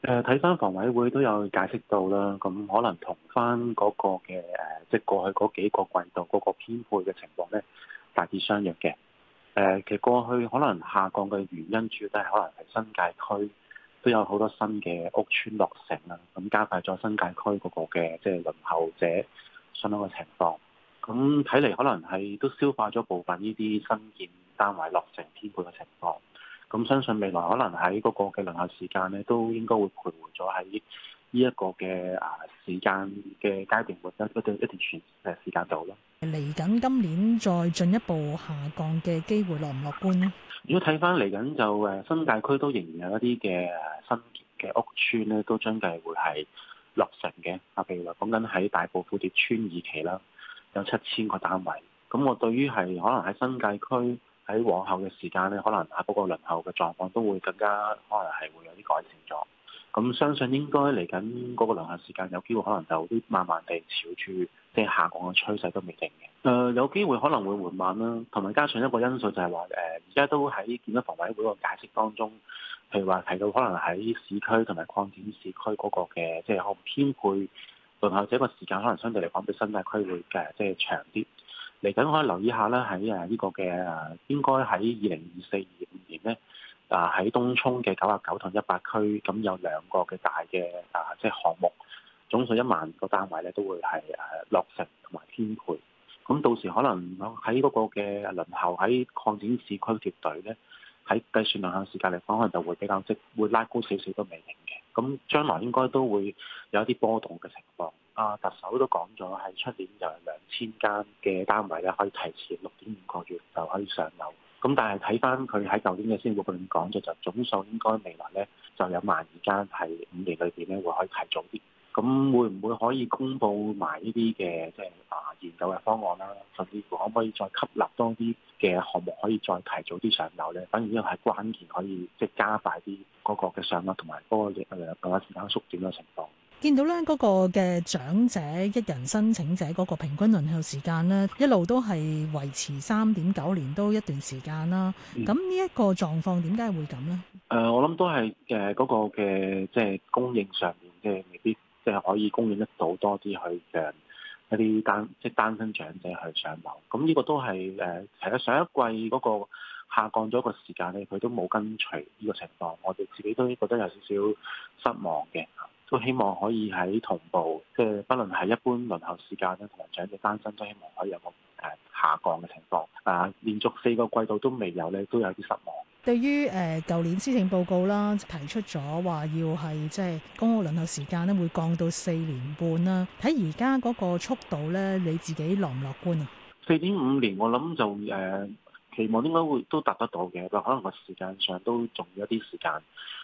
誒睇翻房委會都有解釋到啦，咁可能同翻嗰個嘅誒、呃，即係過去嗰幾個季度嗰、那個編配嘅情況咧，大致相若嘅。誒、呃、其實過去可能下降嘅原因，主要都係可能係新界區都有好多新嘅屋邨落成啦，咁加快咗新界區嗰個嘅即係輪候者相當嘅情況。咁睇嚟，可能係都消化咗部分呢啲新建單位落成編配嘅情況。咁相信未來可能喺嗰個嘅輪候時間咧，都應該會徘徊咗喺呢一個嘅啊時間嘅階段，或者一段一段時誒時間度咯。嚟緊今年再進一步下降嘅機會樂唔樂觀咧？如果睇翻嚟緊就誒新界區都仍然有一啲嘅新嘅屋邨咧，都將計會係落成嘅。啊，譬如話講緊喺大埔富蝶邨二期啦，有七千個單位。咁我對於係可能喺新界區。喺往後嘅時間咧，可能啊嗰個輪候嘅狀況都會更加，可能係會有啲改善咗。咁相信應該嚟緊嗰個輪候時間有機會可能就啲慢慢地朝住，即係下降嘅趨勢都未定嘅。誒，有機會可能會緩慢啦，同埋加上一個因素就係話誒，而家都喺建築房委會個解釋當中，譬如話提到可能喺市區同埋擴展市區嗰個嘅，即係可能編配輪候者個時間可能相對嚟講比新界區會嘅，即係長啲。嚟緊可以留意下咧，喺誒呢個嘅誒，應該喺二零二四、二五年咧，嗱喺東涌嘅九十九同一百區，咁有兩個嘅大嘅誒，即、啊、係、就是、項目總數一萬個單位咧，都會係誒、啊、落成同埋編配。咁到時可能喺嗰個嘅輪候喺擴展市區隊列咧，喺計算量向時間嚟講，可能就會比較積，會拉高少少個尾型。咁將來應該都會有一啲波動嘅情況。啊，特首都講咗，喺出年就有兩千間嘅單位咧，可以提前六點五個月就可以上樓。咁但係睇翻佢喺舊年嘅新聞報道講咗，就總數應該未來咧就有萬二間係五年裏邊咧會可以提早啲。咁會唔會可以公佈埋呢啲嘅？即係。有嘅方案啦，甚至乎可唔可以再吸納多啲嘅項目，可以再提早啲上樓咧？反而呢個係關鍵可以即係加快啲嗰個嘅上樓同埋嗰個嘅辦案時間縮短嘅情況。見到咧嗰個嘅長者一人申請者嗰個平均輪候時間咧，一路都係維持三點九年都一段時間啦。咁呢一個狀況點解會咁咧？誒，我諗都係誒嗰個嘅即係供應上面，即係未必即係可以供應得到多啲去誒。一啲單即單身長者去上樓，咁呢個都係誒其實上一季嗰個下降咗個時間咧，佢都冇跟隨呢個情況，我哋自己都覺得有少少失望嘅，都希望可以喺同步，即係不論係一般輪候時間咧，同埋長者單身都希望可以有個誒下降嘅情況，啊連續四個季度都未有咧，都有啲失望。對於誒舊年施政報告啦，提出咗話要係即係公屋輪候時間咧會降到四年半啦。睇而家嗰個速度咧，你自己樂唔樂觀啊？四點五年我諗就誒、呃、期望應該會都達得到嘅，但可能個時間上都仲要一啲時間。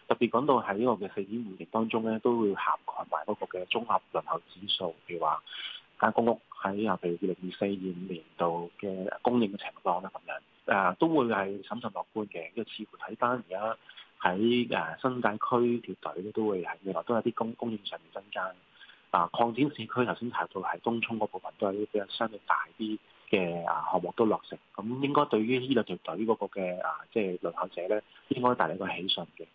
特別講到喺我嘅四點五年當中咧，都會涵蓋埋嗰個嘅綜合輪候指數，譬如話間公屋喺啊譬如二零二四二五年度嘅供應嘅情況啦咁樣。誒、啊、都會係審慎樂觀嘅，因為似乎睇翻而家喺誒新界區條隊都會喺未來都有啲供供應上面增加。啊，擴展市區，頭先提到喺東涌嗰部分都係比較相對大啲嘅啊項目都落成，咁應該對於呢兩條隊嗰個嘅啊即係輪候者咧，應該帶嚟一個喜訊嘅。